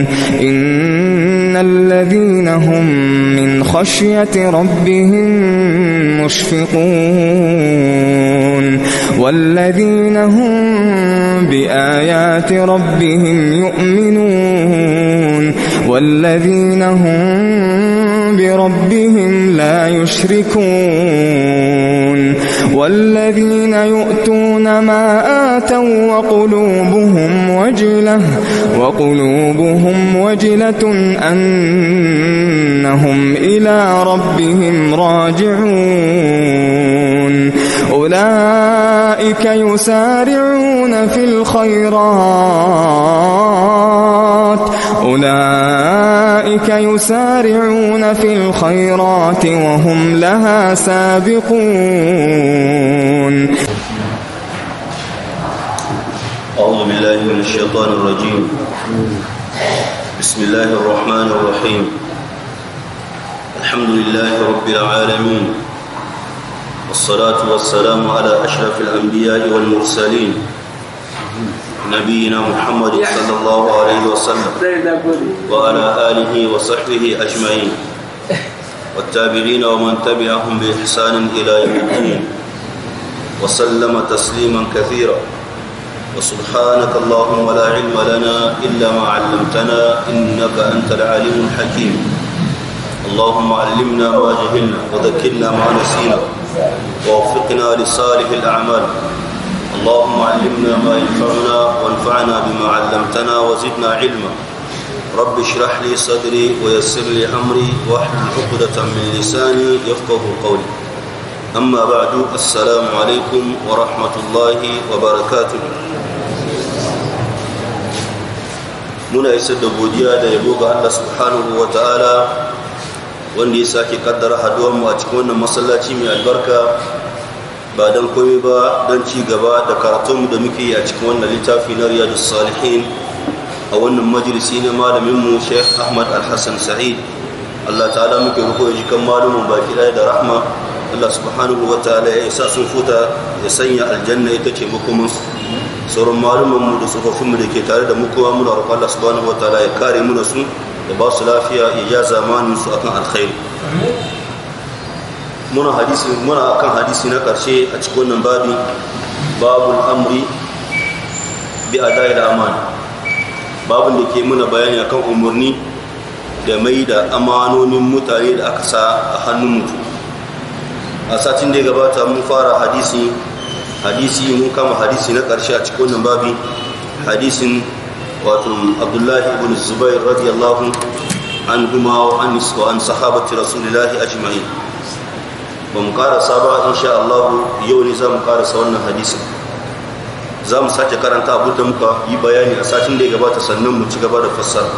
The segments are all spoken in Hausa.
إن الذين هم من خشية ربهم مشفقون والذين هم بآيات ربهم يؤمنون والذين هم بربهم لا يشركون والذين يؤتون ما آتوا وقلوبهم وجلة وقلوبهم وجلة أنهم إلى ربهم راجعون أولئك يسارعون في الخيرات الخيرات أولئك يسارعون في الخيرات وهم لها سابقون أعوذ بالله من الشيطان الرجيم بسم الله الرحمن الرحيم الحمد لله رب العالمين والصلاة والسلام على أشرف الأنبياء والمرسلين نبينا محمد صلى الله عليه وسلم وعلى آله وصحبه أجمعين والتابعين ومن تبعهم بإحسان إلى يوم الدين وسلم تسليما كثيرا وسبحانك اللهم لا علم لنا إلا ما علمتنا إنك أنت العليم الحكيم اللهم علمنا ما جهلنا وذكرنا ما نسينا ووفقنا لصالح الأعمال اللهم علمنا ما ينفعنا وانفعنا بما علمتنا وزدنا علما رب اشرح لي صدري ويسر لي امري واحلل عقدة من لساني يفقه قولي اما بعد السلام عليكم ورحمة الله وبركاته muna isar da godiya da yabo ga Allah subhanahu wa ta'ala wanda ya sake kaddara haduwar mu a cikin wannan masallaci mai albarka ba don komai ba don ci gaba da karatunmu da muke yi a cikin wannan littafi na riyadu salihin a wannan majalisi na malaminmu sheikh ahmad alhassan sa'id allah ta'ala muke ruko ya jikan malumin baki ɗaya da rahma allah subhanahu wa ta'ala ya isa sun futa ya sanya aljanna ita ce makomansu sauran malumanmu da tsofaffinmu da ke tare da mu kowa muna roƙon allah subhanahu wa ta'ala ya kare mu da su da ba su lafiya ya ja su akan alkhairi muna hadisi muna kan hadisi na karshe a cikin wannan babi babul amri bi adai da aman babun da ke muna bayani akan umarni da mai da amanonin mutane da aka sa a hannun mutu a satin da gabata mun fara hadisi hadisi mun kama hadisi na karshe a cikin wannan babi hadisin wato abdullahi ibn zubair radiyallahu an ma wa an sahabati rasulullahi ajma'in ba mu karasa ba insha'allahu yau ne za mu karasa wannan hadisin za mu sake karanta abin da muka yi bayani a satin da ya gabata sannan mu ci gaba da fassara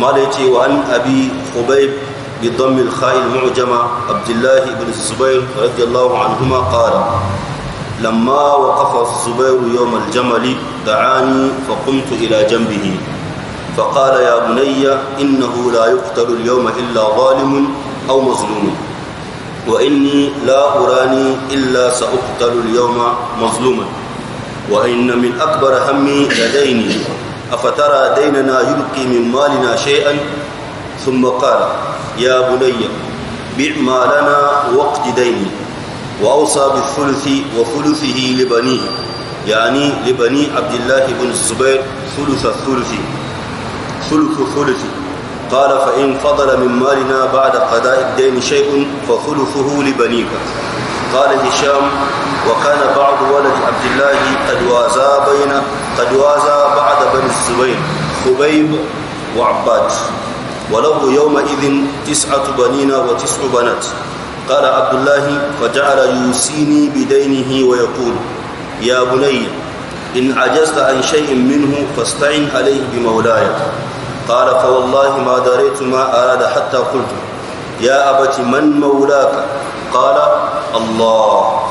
mala ya ce wa an abi hubaib bi dhammil kha'il mu'jama abdullahi ibn zubair radiyallahu anhuma qala lamma waqafa zubair yawm al-jamal da'ani fa qumtu ila janbihi fa qala ya bunayya innahu la yuqtalu al-yawma illa zalimun aw mazlumun وإني لا أراني إلا سأقتل اليوم مظلوما وإن من أكبر همي لديني أفترى ديننا يبقي من مالنا شيئا ثم قال يا بني بع ما لنا وقت ديني وأوصى بالثلث وثلثه لبنيه يعني لبني عبد الله بن الزبير ثلث الثلث ثلث ثلثي قال فإن فضل من مالنا بعد قضاء الدين شيء فثلثه لبنيك قال هشام وكان بعض ولد عبد الله قد وازى بين قد وازى بعد بني الزبير خبيب وعباد وله يومئذ تسعة بنين وتسع بنات قال عبد الله فجعل يوسيني بدينه ويقول يا بني إن عجزت عن شيء منه فاستعن عليه بمولاي قال فوالله ما دريت ما أراد حتى قلت يا أبت من مولاك قال الله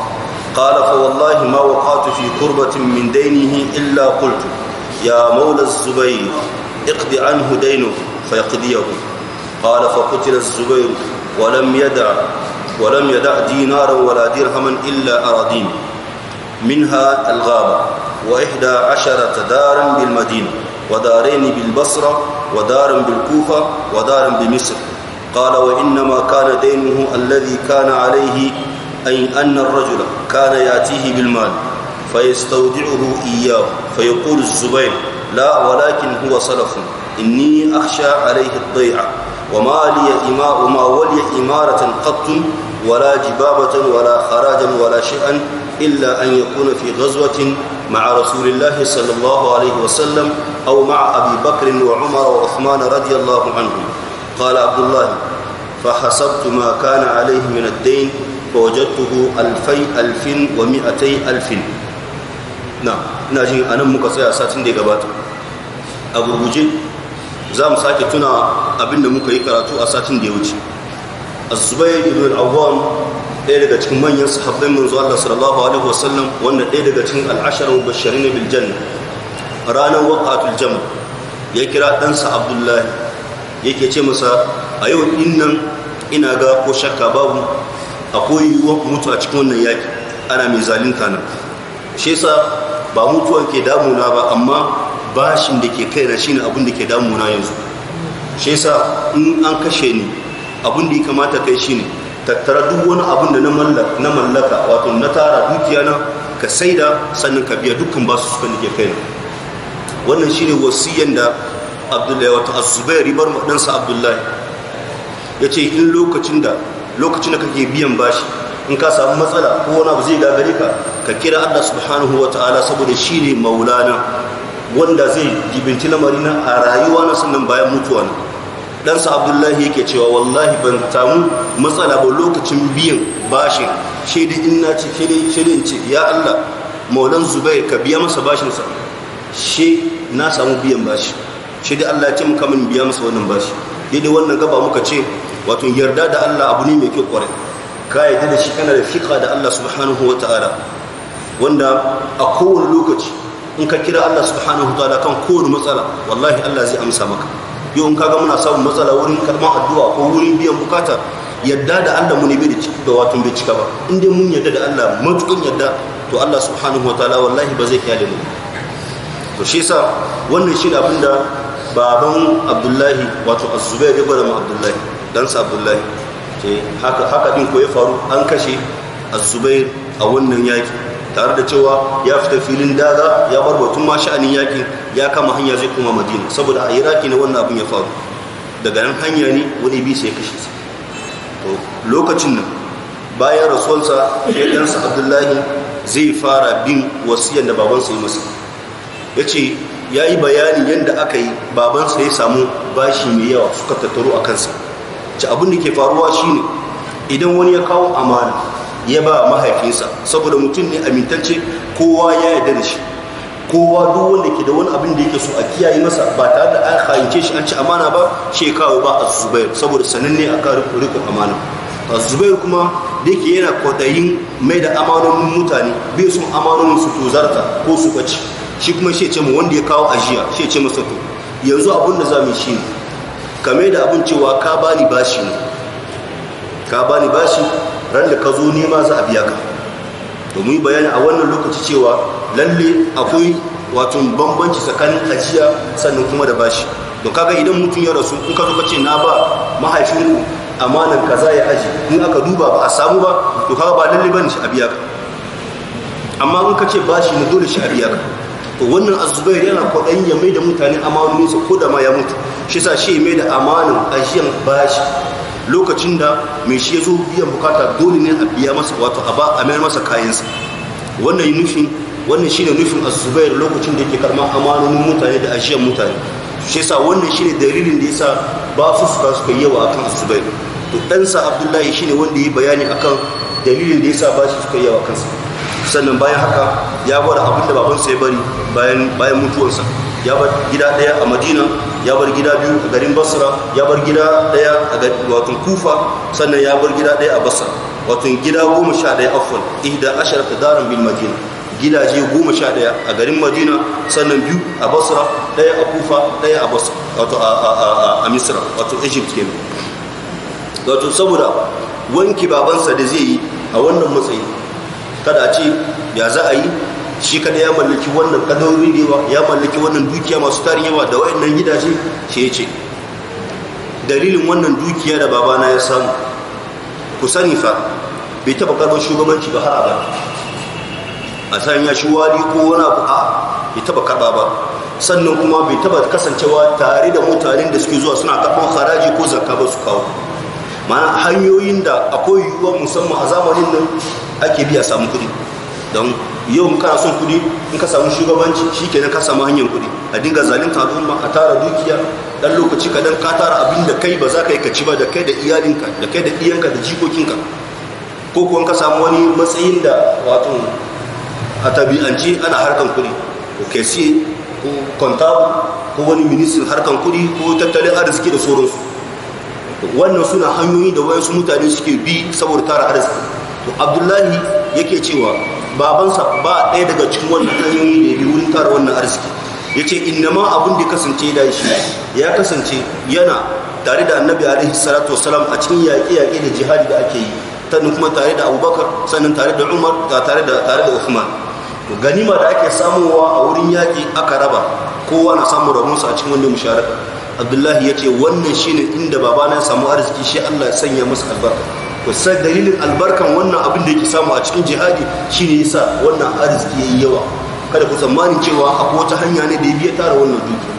قال فوالله ما وقعت في كربة من دينه إلا قلت يا مولى الزبير اقضي عنه دينه فيقضيه قال فقتل الزبير ولم يدع ولم يدع دينارا ولا درهما إلا أراضين منها الغابة وإحدى عشرة دارا بالمدينة ودارين بالبصرة ودار بالكوفة ودار بمصر قال وإنما كان دينه الذي كان عليه أي أن الرجل كان يأتيه بالمال فيستودعه إياه فيقول الزبير لا ولكن هو صلف إني أخشى عليه الضيعة وما لي إما وما ولي إمارة قط ولا جبابة ولا خراجا ولا شيئا إلا أن يكون في غزوة مع رسول الله صلى الله عليه وسلم أو مع أبي بكر وعمر وعثمان رضي الله عنهم قال عبد الله فحسبت ما كان عليه من الدين فوجدته ألفي ألف ومئتي ألف نعم ناجي أنا مكسر أساتين دي قبات أبو بوجي زام ساكتنا أبن مكي كراتو أساتين دي وجي الزبير بن العوام ɗaya daga cikin manyan sahabban manzo Allah sallallahu alaihi wasallam wanda ɗaya daga cikin al'ashar mubashirin bil janna ranar waqatul jam ya kira ɗansa Abdullahi yake ce masa a yau nan ina ga ko shakka babu akwai yuwa mutu a cikin wannan yaki ana mai zalunta nan shi yasa ba mutuwan ke damuna ba amma bashin da ke kai na shine abin da ke damuna yanzu shi yasa in an kashe ni abin da ya kamata kai shine tattara duk wani abin da na mallaka wato na tara dukiya na ka da sannan ka biya dukkan basu suka nike kai na wannan shine wasiyan da abdullahi wato az-zubair madansa abdullahi yace in lokacin da lokacin da kake biyan bashi in ka samu matsala ko wani abu zai gagare ka ka kira Allah subhanahu ta'ala saboda shine maulana wanda zai jibinci lamarina a rayuwa na sannan bayan mutuwa na ɗansa abdullahi yake cewa wallahi ban samu matsala ba lokacin biyan bashin shaidi in na ce shirin ce ya allah maulan zubair ka biya masa bashinsa shi na samu biyan bashi shaidi allah ya ce muka min biya masa wannan bashi yadda wannan gaba muka ce wato yarda da allah abu ne mai kyau kwarai ka da shi kana da fiƙa da allah subhanahu wa ta'ala wanda a kowane lokaci in ka kira allah subhanahu wa ta'ala kan kowane matsala wallahi allah zai amsa maka yau in kaga muna samun matsala wurin karɓar addu'a ko wurin biyan bukata yadda da Allah mu ne bai da ciki da wato bai cika ba in dai mun yadda da Allah matukan yadda to Allah subhanahu wa ta'ala wallahi ba zai kyale mu to shi sa wannan shi abin da baban Abdullahi wato Az-Zubair ya gwada mu Abdullahi dan sa Abdullahi ce eh, haka haka din ko ya faru an kashe Az-Zubair a wannan yaki tare da cewa ya fita filin daga ya bar batun ma sha'anin yakin ya kama hanya zai kuma madina saboda a iraki ne wannan abin ya faru daga nan hanya ne wani bi sai kashe su to lokacin nan bayan rasuwarsa ya ɗansa abdullahi zai fara bin wasiyan da babansa yi masa ya ce ya yi bayanin yadda aka yi babansa ya samu bashi mai yawa suka tattaru a kansa ci abin da ke faruwa shine idan wani ya kawo amana ya ba mahaifinsa saboda mutum ne amintacce kowa ya yarda da shi kowa duk wanda ke da wani abin da yake so a kiyaye masa ba tare da an hayince shi an ci amana ba shi kawo ba a zubair saboda sananne a kan rikon amana a zubair kuma da yake yana kwaɗayin mai da amanonin mutane bai sun amanonin su tozarta ko su ɓaci shi kuma shi ce mu wanda ya kawo ajiya shi ce masa to yanzu abin da za mu shi ne kame da abin cewa ka bani bashi ne ka bani bashi ran da ka zo nema za a biya ka domin bayani a wannan lokaci cewa lalle akwai wato bambanci tsakanin ajiya sannan kuma da bashi don kaga idan mutum ya rasu in ka zo ka ce na ba mahaifinku amanar kaza ya aji in aka duba ba a samu ba to kaga ba lalle bane shi a biya ka amma in ka ce bashi ne dole shi a biya ka to wannan azubair yana kwaɗayin ya mai da mutane amanoninsa ko da ma ya mutu shi sa shi mai da amanin ajiyan bashi lokacin da mai shi ya zo biyan bukata dole ne a biya masa wato a ba a mayar masa kayansa wannan yi nufin wannan shi ne nufin azubair lokacin da yake karman amanonin mutane da ajiyar mutane shi yasa wannan shi ne dalilin da yasa ba su suka suka yawa akan azubair to ɗansa abdullahi shi ne wanda ya bayani akan dalilin da yasa ba su suka yawa kansa sannan bayan haka ya gwada abin da babansa ya bari bayan mutuwarsa ya bar gida daya a madina ya bar gida biyu a garin basra ya bar gida daya a watan kufa sannan ya bar gida daya a basra watan gida goma sha daya afon ihda ashirar ta daren bin madina gidaje goma sha daya a garin madina sannan biyu a basra daya a kufa daya a basra wato a misra wato egypt game wato saboda wanki babansa da zai yi a wannan matsayi kada ce ya za a yi shi kada ya mallaki wannan kadarori da yawa ya mallaki wannan dukiya masu tarin yawa da wayannan gidaje shi ya ce dalilin wannan dukiya da babana ya samu ku sani fa bai taba karɓar shugabanci ba har abada a sayan ya shi wari ko wani abu a bai taba karɓa ba sannan kuma bai taba kasancewa tare da mutanen da suke zuwa suna karɓar haraji ko zakka ba su kawo mana hanyoyin da akwai yiwuwa musamman a zamanin nan ake biya samu kuɗi don yau in kana son kudi in ka samu shugabanci shi kenan ka samu hanyar kudi a dinga zalunta al'umma a tara dukiya dan lokaci kadan ka tara abin da kai ba za ka yi kaci ba da kai da iyalinka da kai da iyanka da jikokinka ko kuwa ka samu wani matsayin da wato a tabi'anci ana harkan kudi ko kesi ko kontabu ko wani ministan harkan kudi ko tattalin arziki da sauransu wannan suna hanyoyi da wayansu mutane suke bi saboda tara arziki to abdullahi yake cewa babansa ba ɗaya daga cikin wannan hanyoyi da ya wurin tara wannan arziki ya ce innama abin da kasance da shi ya kasance yana tare da annabi alaihi salatu wasalam a cikin yaƙe-yaƙe da jihadi da ake yi sannan kuma tare da abubakar sannan tare da umar tare da tare da uthman to ganima da ake samowa a wurin yaƙi aka raba kowa na samun rabonsa a cikin wannan musharaka abdullahi ya ce wannan shi ne inda babana ya samu arziki shi allah ya sanya masa albarka kusa sai dalilin albarkan wannan abin da yake samu a cikin jihadi shine yasa wannan arziki yayi yawa kada ku tsammanin cewa akwai wata hanya ne da ya biya tara wannan dukiya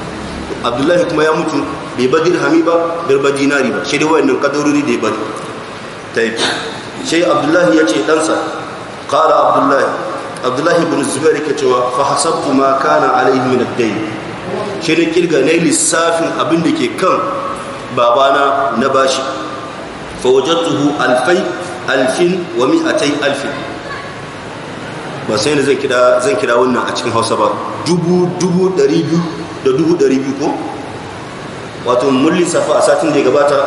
abdullahi kuma ya mutu bai ba dirhami ba bai ba dinari ba shi da wayannan kadarori da ya bari yi shi abdullahi ya ce ɗansa ƙara abdullahi abdullahi ibn zubair ke cewa fa hasabtu ma kana alaihi min ad-dayn shi ne kirga ne lissafin abin da ke kan babana na bashi fa wajadtuhu alfai alfin wa mi'atai alfin ba sai da zan kira zan kira wannan a cikin Hausa ba dubu dubu dari biyu da dubu dari biyu ko wato mun safa a satin da ya gabata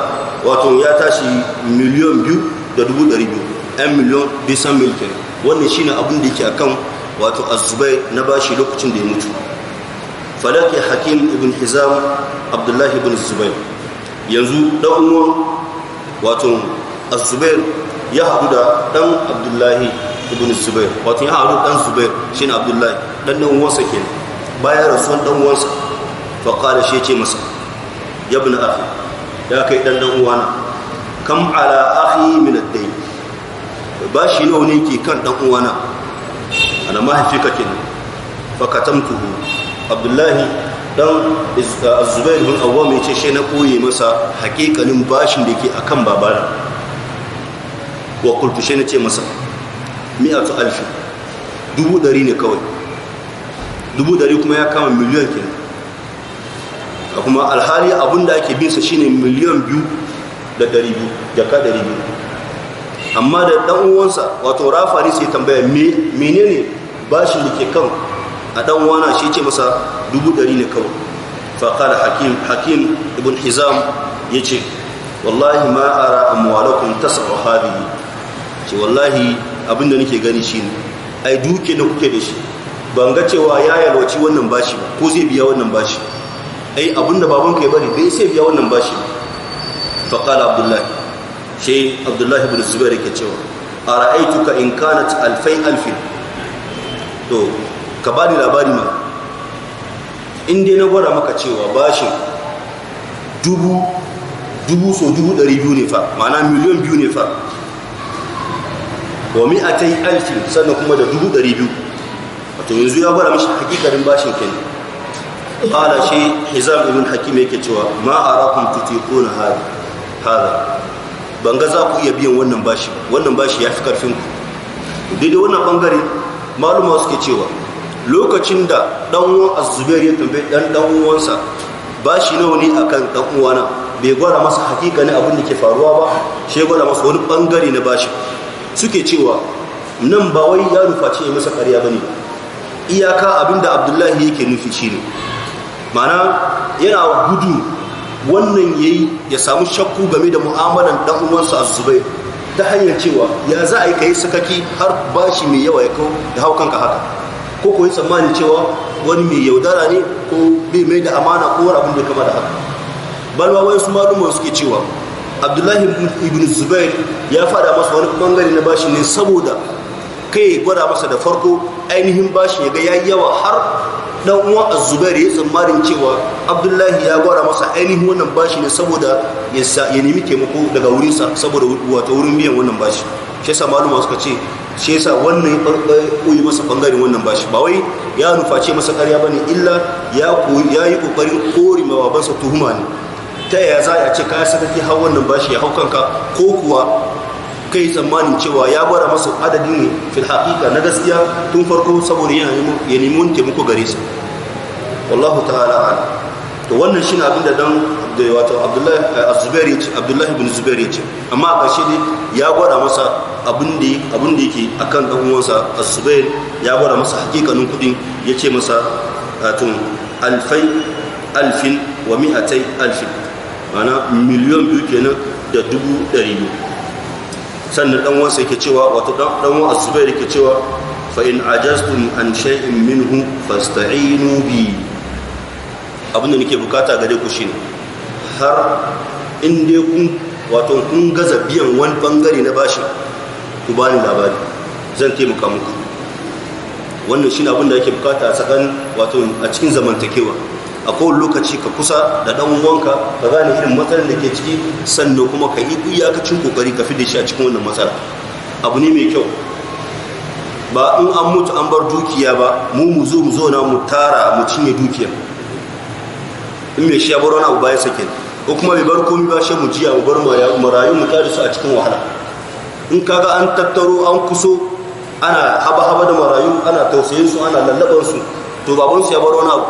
wato ya tashi miliyan biyu da dubu dari biyu yan miliyan bisan mil kenan wannan shine abin da yake akan wato azubai na bashi lokacin da ya mutu falaki hakim ibn hizam abdullahi ibn zubair yanzu dan uwan wato azubair ya haɗu da ɗan abdullahi ibn zubair wato ya haɗu ɗan zubair shi ne abdullahi ɗan ɗan uwansa ke bayan rasuwan ɗan uwansa faƙa da shi ya ce masa ya bi na afi ya kai ɗan ɗan uwana kam ala ahi min addai ba shi nawa ne ke kan ɗan uwana ana mahaifi ka kenan fakatamtuhu abdullahi dan uh, zubair bin awwam ya ce shi na koye masa hakikanin bashin da ke akan babara wa kultu shi na ce masa mi'atu alfi dubu dari ne kawai dubu dari kuma ya kama miliyan kenan a kuma alhali abinda ake binsa shine miliyan biyu da dari biyu jaka dari biyu amma da ɗan'uwansa uwansa wato rafa ne sai tambaya menene bashin da ke kan a dan wana shi ce masa dubu ɗari ne kawai faƙala hakim hakim ibn hizam ya ce wallahi ma ara amwalakum tasau hadihi ce wallahi abinda da nake gani shi shine ai duke da kuke da shi ban cewa ya yalwaci wannan bashi ba ko zai biya wannan bashi ai abin da babanka ya bari bai sai biya wannan bashi faƙala abdullahi shi abdullahi ibn zubair yake cewa ara'aituka in kanat alfai alfin to ka ba ni labari ma inda na gwada maka cewa bashin dubu dubu so dubu dari biyu ne fa ma'ana miliyan biyu ne fa wa yi alfin sannan kuma da dubu dari biyu wato yanzu ya gwada mashi hakikarin bashin kenan ala shi hizam ibn hakim yake cewa ma arakum tutiquna hada hada ban ga za ku iya biyan wannan bashi wannan bashi ya fi karfin ku daidai wannan bangare maluma suke cewa lokacin da ɗan azubiyar ya tambayi ɗan ɗanuwansa uwansa ba shi nawa ne kan ɗan uwana bai gwada masa hakika ne abin da ke faruwa ba shi ya gwada masa wani ɓangare na bashi suke cewa nan ba wai ya nufaci ce masa karya ne iyaka abinda abdullahi yake nufi ne mana yana gudu wannan yayi ya samu shakku game da mu'amalan ɗan uwansa azubair ta hanyar cewa ya za a yi kai sakaki har bashi mai yawa ya kau da haukanka haka ko koyi tsammani cewa wani mai yaudara ne ko bai mai da amana ko wani abin da kama da haka balwa wani su malumar suke cewa abdullahi ibn zubair ya fada masa wani bangare na bashi ne saboda kai gwada masa da farko ainihin bashi ya ga ya yawa har dan uwa zubair ya tsammanin cewa abdullahi ya gwada masa ainihin wannan bashi ne saboda ya nemi taimako daga wurinsa saboda wato wurin biyan wannan bashi shi yasa maluma suka ce shi yasa wannan ya koyi masa bangaren wannan bashi ba wai ya nuface masa karya bane illa ya koyi ya yi kokarin kore tuhuma ne ta yaya za a ce ka kake hau wannan bashi ya hau kanka ko kuwa kai tsammanin cewa ya gwada masa adadin ne fil haqiqa na gaskiya tun farko saboda yana ya nemi taimako gare sa wallahu ta'ala to wannan shine abinda dan da wato Abdullahi eh, amma a ƙarshe dai ya gwada masa abin da yake a kan ɗan'uwansa a subayin ya gwada masa hakikanin kudin ya ce masa atun alfai alfin wa mihatai alfin mana miliyon biyu kenan da dubu ɗari biyu sannan ɗan'uwansa yake cewa wato ɗan’uwa a subayin yake cewa fa'in ajastun an sha'in minhu fasta'inu bi abin da nake bukata gare ku shi ne har inda kun wato kun gaza biyan wani bangare na bashi ku ba ni labari zan taimaka muku wannan shi abin da ake bukata a tsakan wato a cikin zamantakewa a kowane lokaci ka kusa da ɗan wanka ka gane irin matsalar da ke ciki sannan kuma ka yi iyakacin kokari ka fi da shi a cikin wannan matsala abu ne mai kyau ba in an mutu an bar dukiya ba mu mu zo mu zo mu tara mu cinye dukiya in mai shi ya bar wani abu ba sake ko kuma bai bar komi ba shi mu jiya mu bar marayu mu tare su a cikin wahala in kaga an tattaro an kuso ana haba-haba da marayu ana tausayin su ana lallabar su to baban su ya bar wani abu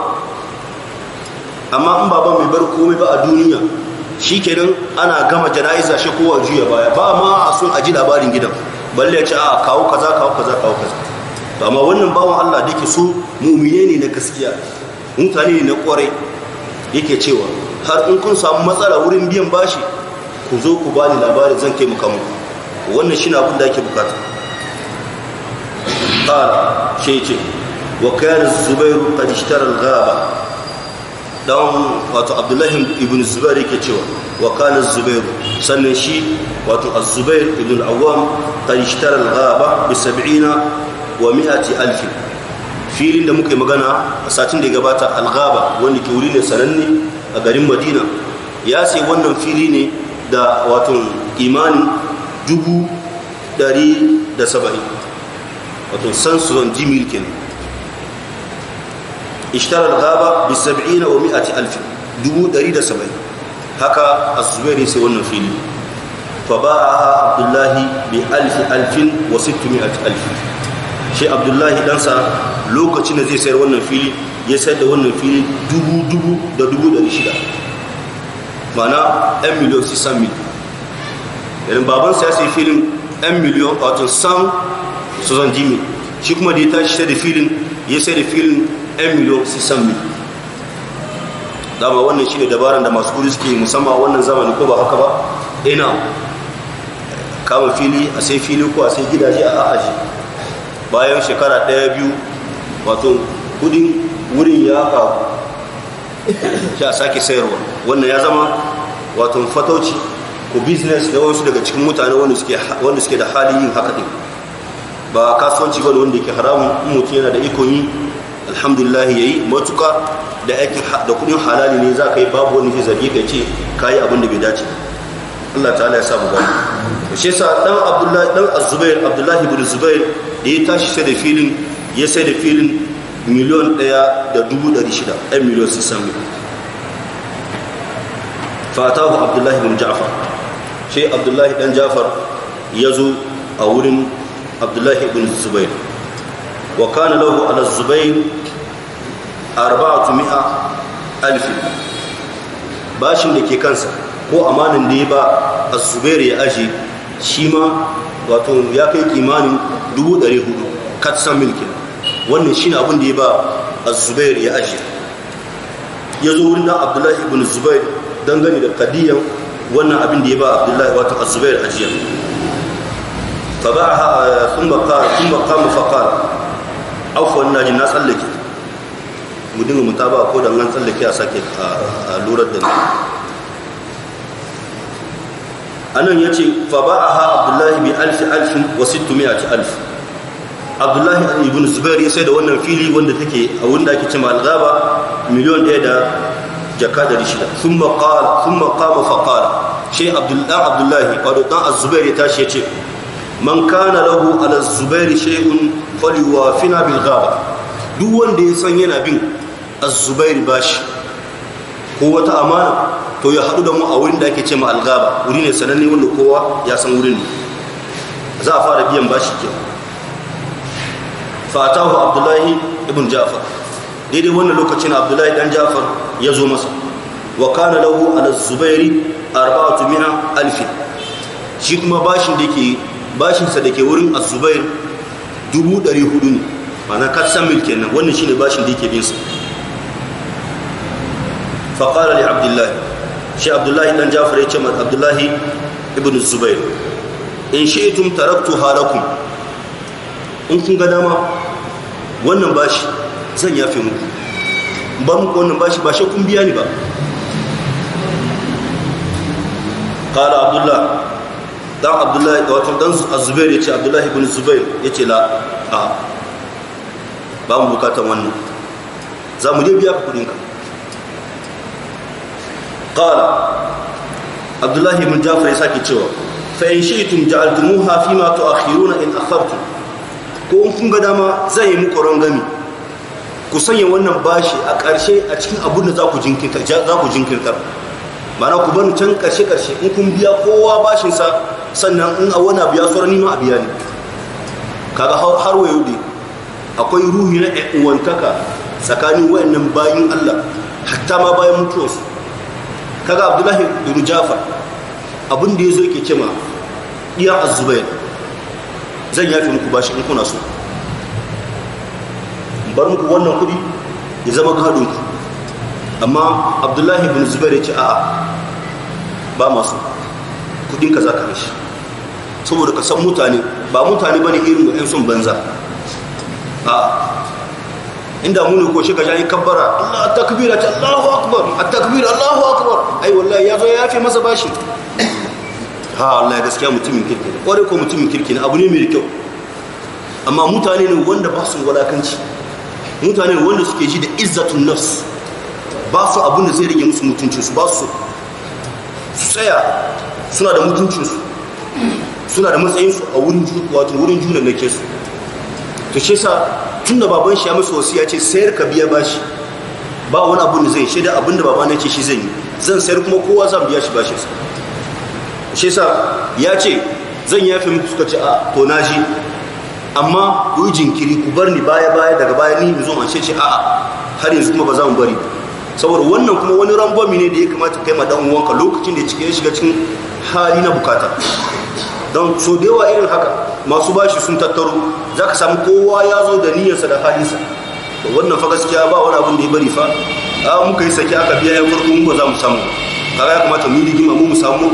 amma in baban bai bar komai ba a duniya shi shikenan ana gama jana'iza shi kowa juya baya ba ma a son a ji labarin gidan balle ce a kawo kaza kawo kaza kawo kaza to amma wannan bawan Allah da yake so mu'mine ne na gaskiya mutane ne na kwarai yake cewa har in kun samu matsala wurin biyan bashi ku zo ku bani labarin zan taimaka muku wannan shi na abin da ake bukata ƙara shi ce wa kayan zubairu al gaba don wato abdullahi ibn zubair yake cewa wa kana zubairu sannan shi wato az-zubair ibn al-awwam qad ishtara al-ghaba bi 70 wa 100 alf filin da muka yi magana a satin da ya gabata al-ghaba wanda ke wuri ne sananne a garin madina ya sai wannan fili ne da wato imanin dubu dari da saba'in wato sansuwan jimil kenan ishtarar gaba bi saba'ina wa mi'ati alfi dubu dari da saba'in haka a zubairi sai wannan fili fa ba a abdullahi bi alfi alfin wa sittu mi'ati alfi shi abdullahi ɗansa lokacin da zai sayar wannan fili ya sayar da wannan fili dubu dubu da dubu dari shida mana 1 miliyan 600 mil irin babansa ya sai filin 'yan miliyon watan sam suzan jimi shi kuma da ya tashi sai da filin ya sai da filin 'yan miliyon su san mil dama wannan shi ne dabaran da masu kuri suke musamman wannan zamani ko ba haka ba ina eh, kama fili a sai fili ko a sai gidaje a a'aji bayan shekara ɗaya biyu wato kudin wurin ya kawo shi a sake sayarwa wannan ya zama wato fatauci ko business da wasu daga cikin mutane wanda suke da hali yin haka ɗin ba kasuwanci wani wanda yake haramun mutu yana da ikon yi alhamdulillah ya yi matuka da aikin da kudin halali ne za ka yi babu wani zargi kai ce ka yi abin da bai dace Allah ta'ala ya sa mu gani shi sa dan Abdullahi dan zubair ibn Zubair da ya tashi sai da filin ya sai da filin miliyon 1 da dubu 600 ai miliyon 600 fa atahu abdullahi ibn Ja'far sai abdullahi dan jafar ya zo a wurin abdullahi ibn zubair wa kana lahu ala zubair arba'atu mi'a alfi bashin da ke kansa ko amanin da ya ba a zubair ya aji shi ma wato ya kai kimanin dubu 400 katsan milkin wannan shi ne abin da ya ba a zubair ya aji ya zo wurin abdullahi ibn zubair dangane da kadiyan wannan abin da ya ba abdullahi wato azubair ajiya fa ba'aha ha qala thumma qama fa qala afwan naji na tsallake mu dinga ba ko da nan tsallake a sake a lura da ni ya ce fa ba ha abdullahi bi alf alf wa 600 alf abdullahi ibn zubair ya sai da wannan fili wanda take a wurin ake cewa al-ghaba miliyan 1 da jaka shida sun maƙala sun maƙama faƙala shi abdullan abdullahi ɗan azubairi ta shi ya ce man kana lahu ala zubairi shay'un falyuwafina bil gaba duk wanda ya san yana bin azubairi bashi ko wata amana to ya haɗu da mu a wurin da ake ce ma algaba wuri ne sananne wanda kowa ya san wurin ne za a fara biyan bashi ke fatahu abdullahi ibn ja'far daidai wannan lokacin abdullahi dan jafar ya zo masa wa kana lahu ala zubairi arba'atu mi'a alf shi kuma bashin da ke bashin sa dake wurin az-zubair 400 ne ma'ana katsan mil nan wannan shine bashin da yake bin sa fa qala shi abdullah dan jafar ya ce ma abdullah ibn zubair in shi'tum taraktuha lakum in kun ga dama wannan bashi zan yafe muku ba muku wannan bashi ba shakun biya ni ba ƙara abdullah dan abdullah wato dan azubair ya ce abdullahi bin zubair ya ce la a ba mu bukatan wannan za mu je biya ka kudinka ƙara abdullahi bin jafar ya sake cewa tun fa hafi shi'tum ja'altumuha fima tu'akhiruna in akhartum ko in kun ga dama zai yi muku rangami ku sanya wannan bashi a ƙarshe a cikin abin da za ku jinkirtar mana ku bani can ƙarshe ƙarshe in kun biya kowa bashin sa sannan in a wani abu ya tsoron nima a biya ne kaga har wayo ne akwai ruhi na uwantaka tsakanin wayannan bayan Allah hatta ma bayan mutuwarsu kaga abdullahi ibn jafar abin da ya zo yake kima diya azubai zan yafi muku bashi in kuna so bar muku wannan kudi ya zama gadon ku amma abdullahi bin zubair ya ce a'a ba masu kudin ka za ka rashi saboda ka san mutane ba mutane ba ne irin wa'in sun banza a inda mu ne ko shi ka ja kabbara Allah takbira ta Allahu akbar at-takbira Allahu akbar ai wallahi ya zo ya fi masa bashi ha Allah gaskiya mutumin kirki ne kware ko mutumin kirki ne abu ne mai kyau amma mutane ne wanda ba su walakanci mutane wanda suke ji da izzatun nafs ba su abin da zai rage musu mutuncinsu ba su su tsaya suna da mutuncinsu suna da matsayinsu a wurin juna na kesu ta ce sa tun da baban shi ya musu wasu ya ce sayar ka biya bashi ba wani abin da zai shaida abin da baba na ce shi zan yi zan sayar kuma kowa zan biya shi ba shi sa ya ce zan yafe muku suka ce a tonaji. amma ku yi jinkiri ku bar ni baya baya daga baya ni zo an ce a'a har yanzu kuma ba za mu bari saboda wannan kuma wani rangwami ne da ya kamata kai ma dan uwanka lokacin da ya shiga cikin hali na bukata don so da yawa irin haka masu bashi sun tattaro za ka samu kowa ya zo da niyyarsa da halinsa da wannan fa gaskiya ba wani abin da ya bari fa a muka yi saki aka biya yan farko ba za mu samu kaga ya kamata mu yi rigima mu mu samu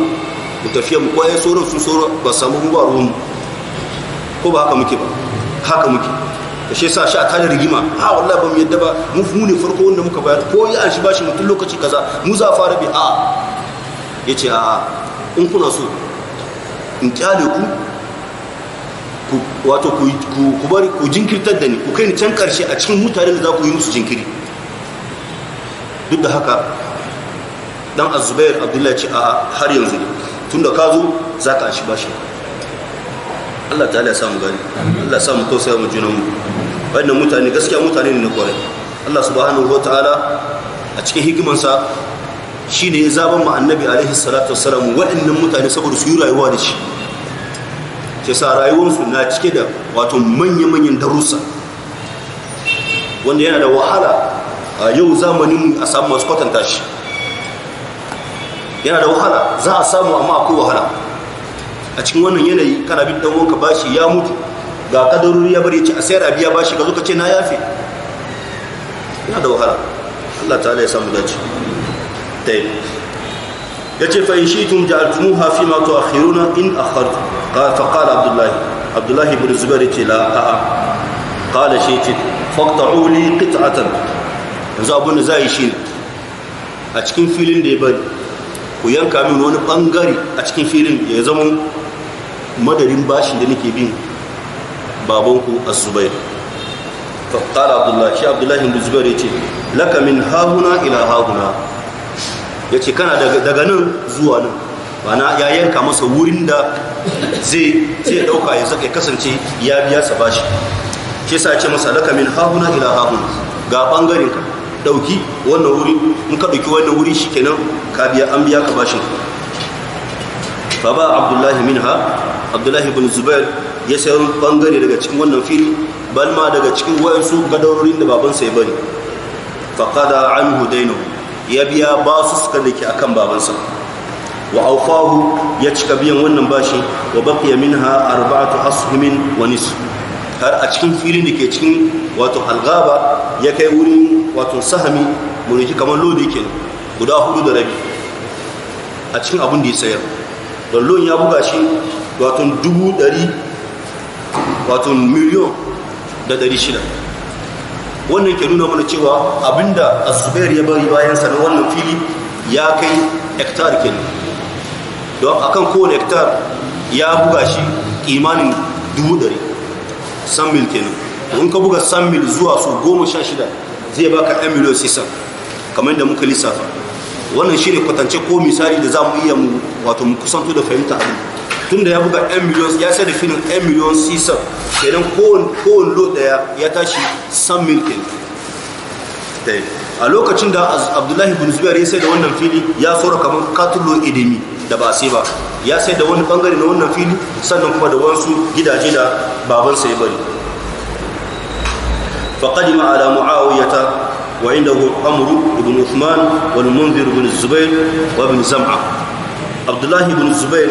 mu tafiya mu kwaye sauran sun sauran ba samu mu ba ruwan mu ko ba haka muke ba haka muke da shi sa shi a tare rigima ha wallahi ba mu yadda ba mu mu ne farko wanda muka bayar ko ya shi bashi mutum lokaci kaza mu za fara bi a ya ce a in kuna so in kyale ku wato ku bari ku jinkirtar da ni ku kai ni can karshe a cikin mutane da za ku yi musu jinkiri duk da haka dan azubair abdullahi ce a har yanzu tun tunda ka zo za ka shi bashi Allah ta ya samun gani Allah ya samu tausaya mu junan mu wannan mutane gaskiya mutane ne na kwarai Allah subhanahu ta'ala a cikin hikimansa shine ya zaban mu annabi alaihi salatu wassalam waɗannan mutane saboda su yi rayuwa da shi ke sa rayuwarsu na cike da wato manya-manyan darussa wanda yana da wahala a yau zamanin a samu masu kwatanta shi yana da wahala za a samu amma akwai wahala a cikin wannan yanayi kana bin dan wanka bashi ya mutu ga kadarori ya bari ci a sayar abiya bashi ga zo ka ce na yafe yana da wahala Allah ta'ala ya samu dace tayi yace fa in shi'tum ja'altumuha fi ma tu'akhiruna in akhartum qala fa qala abdullah abdullah ibn zubair ce la a a qala shi ce faqta'u li qit'atan yanzu abun da yi shi a cikin filin da ya bari ku yanka min wani bangare a cikin filin ya zama madarin bashi da nake bin babanku az-zubair fa qala abdullah shi abdullah ibn zubair yace laka min hahuna ila hahuna yace kana daga nan zuwa nan na ya yanka masa wurin da zai zai dauka ya saka kasance ya biya sa bashi shi yasa ce masa laka min hahuna ila hahuna ga bangaren ka dauki wannan wuri in ka dauki wannan wuri shikenan ka biya an biya ka bashin fa abdullahi minha abdullahi bin zubair ya sayar bangare daga cikin wannan fili balma daga cikin wayansu gadarorin da babansa ya bari faqada anhu dainahu ya biya basu suka dake akan babansa wa aufahu ya cika biyan wannan bashi wa baqiya minha arba'atu ashumin wa nisf har a cikin filin da ke cikin wato algaba ya kai wurin wato sahami muriki kamar lodi kenan guda hudu da rabi a cikin abin da ya sayar dallon ya buga shi watan dubu dari watan miliyon da dari shida wannan ke nuna mana cewa abinda azubair ya bari bayan na wannan fili ya kai hektar ke don akan kowane hektar ya buga shi imanin dubu dari san mil kenan in ka buga san mil zuwa su goma sha shida zai baka yan miliyon sisan kamar da muka lissafa wannan shi ne kwatance ko misali da za mu iya mu wato mu kusanto da fahimta abin tun da ya buga 'yan miliyon ya sai da filin 'yan miliyon sisa kenan kowane lo daya ya tashi san milkin a lokacin da abdullahi bin zubair ya sai da wannan fili ya saura kamar katulo idimi da ba sai ba ya sai da wani bangare na wannan fili sannan kuma da wasu gidaje da babansa ya bari faƙadima ala mu'awiyata وعنده عمرو بن عثمان والمنذر بن الزبير وابن زمعة عبد الله بن الزبير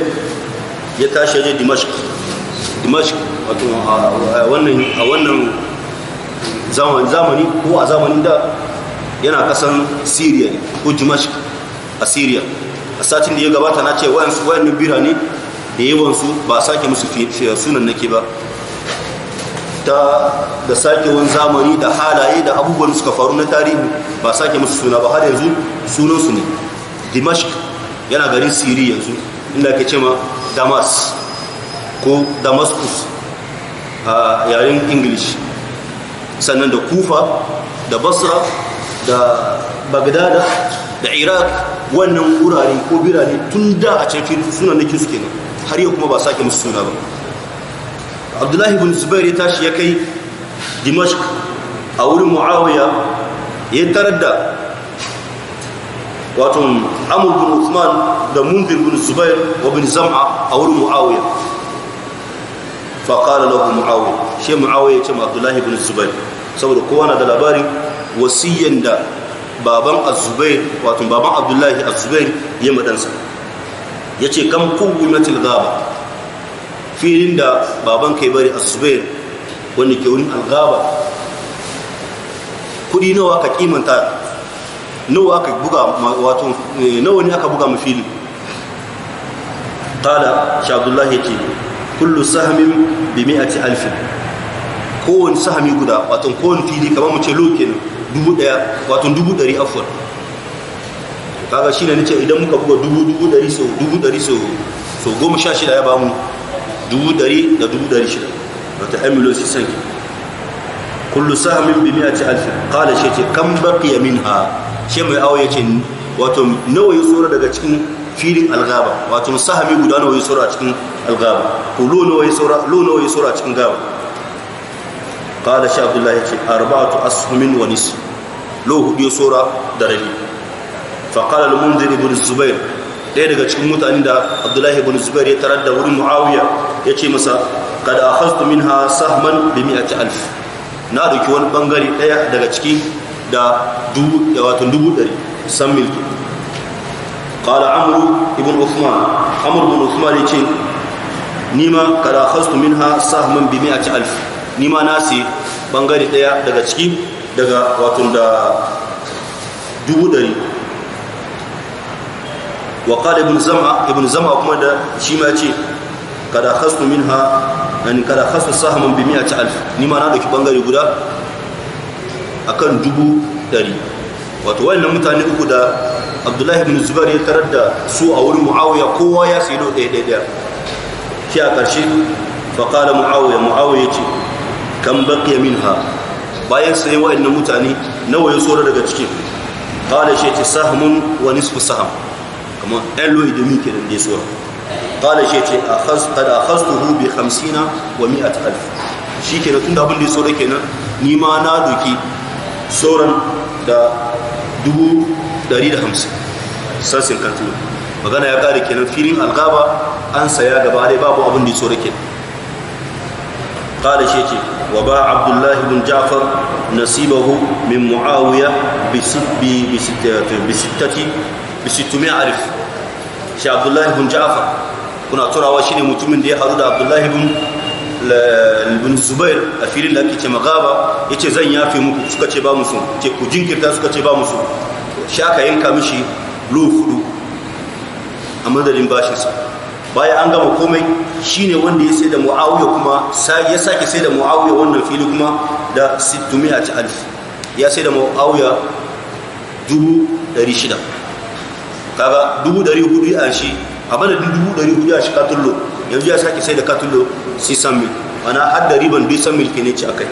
ya tashi je dimashq dimashq wato a wannan a wannan zamani ko a zamanin da yana kasan syria ko dimashq a syria a satin da ya gabata na ce wayansu wayannan birane da yawansu ba sake musu sunan nake ba ta da sakewan zamani da halaye da abubuwan suka faru na tarihi ba sake musu suna ba har yanzu sunansu ne dimashq yana garin siri yanzu inda ke cema damas ko damascus a yaren english sannan da kufa da basra da bagdada da iraq wannan wurare ko birane tun da a can sunan nake suke har yau kuma ba sake musu suna ba abdullahi bin zubair ya tashi ya kai dimashq a wurin muawiya ya tarar da wato amur bin usman da mundir bin zubair wa bin zam'a a wurin muawiya faƙala lahu muawiya shi muawiya ya ce ma abdullahi bin zubair saboda kowa na da labarin wasiyyan da baban azubair wato baban abdullahi azubair ya madansa ya ce kam kuwunatil gaba filin da baban kai bari azubair wanda ke wurin algaba kudi nawa aka kimanta nawa aka buga wato eh, nawa ne aka buga mu filin qala sha abdullahi yake kullu sahmin bi mi'ati alfin kowane sahmi guda wato kowane fili kamar mu ce ne dubu daya wato dubu dari afwan kaga ne nace idan muka buga dubu dubu dari so dubu dari so so goma sha shida ya mu. dubu dari da dubu dari shida wata emilo su sanki kullu sahamin bi miya ce alfin kala shi ce kan baqiya minha shi mai awo yace wato nawa ya tsora daga cikin filin algaba wato sahami guda nawa ya a cikin algaba ko lo nawa ya tsora lo nawa ya tsora cikin gaba kala shi abdullahi yace arba'atu ashumin wa nisf lo hudu ya tsora da rabi fa qala al-munzir ibn zubair ɗaya daga cikin mutane da abdullahi ibn zubair ya tarar da wurin muawiya ya ce masa kada a min ha sahman bi mi'ati alf na dauki wani bangare ɗaya daga ciki da dubu da wato dubu ɗari san milki qala amru ibn usman amru ibn usman ya ce ni ma kada min ha sahman bi mi'ati alf ni ma na sai bangare ɗaya daga ciki daga wato da dubu ɗari wa qala ibn zam'a ibn zam'a kuma da shi ma ce kada khasu minha an kada khasu sahman bi 100000 ni ma na dauki bangare guda akan dubu wato wannan mutane uku da abdullahi ibn zubair ya tarar da su a wurin muawiya kowa ya sayi da ɗaya ɗaya shi a ƙarshe fa qala muawiya muawiya ce kan baqiya minha bayan sai wa'annan mutane nawa ya tsora daga cikin qala shi ce sahmun wa nisfu saham kamar ɗan lohi da muke da tsoron ƙala shi ce a kada hastuhu bi hamsina wa mi'at alf shi ke tun da abin da ya tsoro kenan ni ma na doki sauran da dubu ɗari da hamsin sassin kantilo magana ya ƙare kenan filin algaba an saya gaba dai babu abin da ya tsoro kenan ƙala shi ce wa ba abdullahi bin jafar nasibahu min mu'awiya bi shi abdullahi ja'far kuna shine mutumin da ya haru da abdullahi zubair a filin da ake zan yafe muku suka ce ba ce ba yanka mishi lo huɗu a madadin baya bayan an gama komai shine wanda ya sai da mu'awiya kuma ya sake sai da mu'awiya wannan fili kuma da 600 alif ya sai da mu'awiya 600 kaga dubu dari hudu ya shi a bada dubu dari hudu ya shi katullo yanzu ya sake sai da katullo si san mil mana har da riban duk san mil ke ne ci akai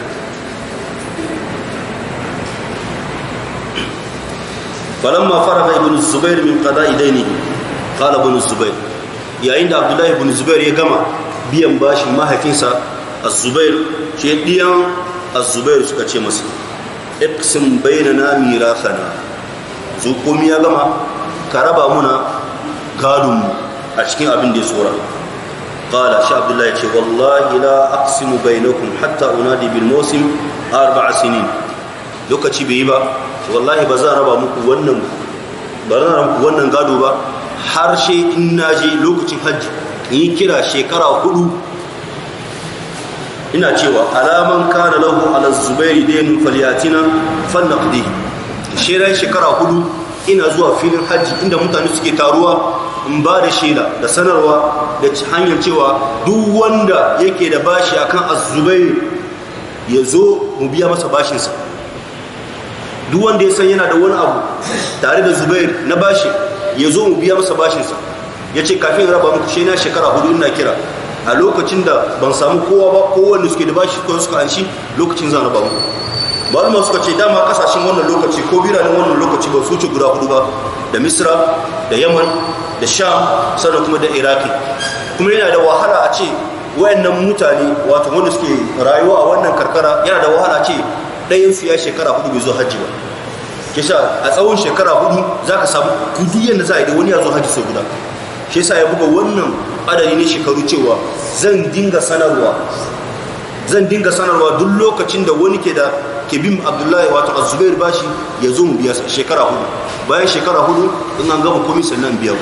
falamma faraga ibn zubair min qada'i dainihi qala ibn zubair yayin da abdullahi ibn zubair ya gama biyan bashin mahaifinsa az-zubair ce diyan az-zubair suka ce masa iqsim bainana mirathana zu komi ya gama ka raba muna gadonmu a cikin abin da ya tsora qala shi abdullahi ya ce wallahi la aqsimu bainakum hatta unadi bil mawsim arba'a sinin lokaci bai yi ba wallahi ba zan raba muku wannan ba zan raba muku wannan gado ba har sai in je lokacin hajji in yi kira shekara hudu ina cewa alaman kana lahu ala zubairi dainun falyatina fal naqdi shirai shekara hudu ina zuwa filin hajji inda mutane suke taruwa in ba da shela da sanarwa da hanyar cewa duk wanda yake da bashi akan azubai ya zo mu biya masa bashinsa duk wanda ya san yana da wani abu tare da zubair na bashi ya zo mu biya masa bashinsa ya ce kafin raba muku shi na shekara hudu ina kira a lokacin da ban samu kowa ba kowanne suke da bashi ko suka anshi lokacin zan raba muku ma suka ce dama kasashen wannan lokaci ko biranen wannan lokaci ba su ce guda hudu ba da misra da yaman da sham sannan kuma da iraki kuma yana da wahala a ce wayannan mutane wato wanda suke rayuwa a wannan karkara yana da wahala ce ɗayan su ya shekara hudu bai zo hajji ba ke sha a tsawon shekara hudu za ka samu kudu yadda za a yi wani ya zo hajji sau guda shi sa ya buga wannan adadi ne shekaru cewa zan dinga sanarwa zan dinga sanarwa duk lokacin da wani ke da ke bin abdullahi wato azubair bashi ya zo mu biya shekara hudu bayan shekara hudu ina an gama komi sannan biya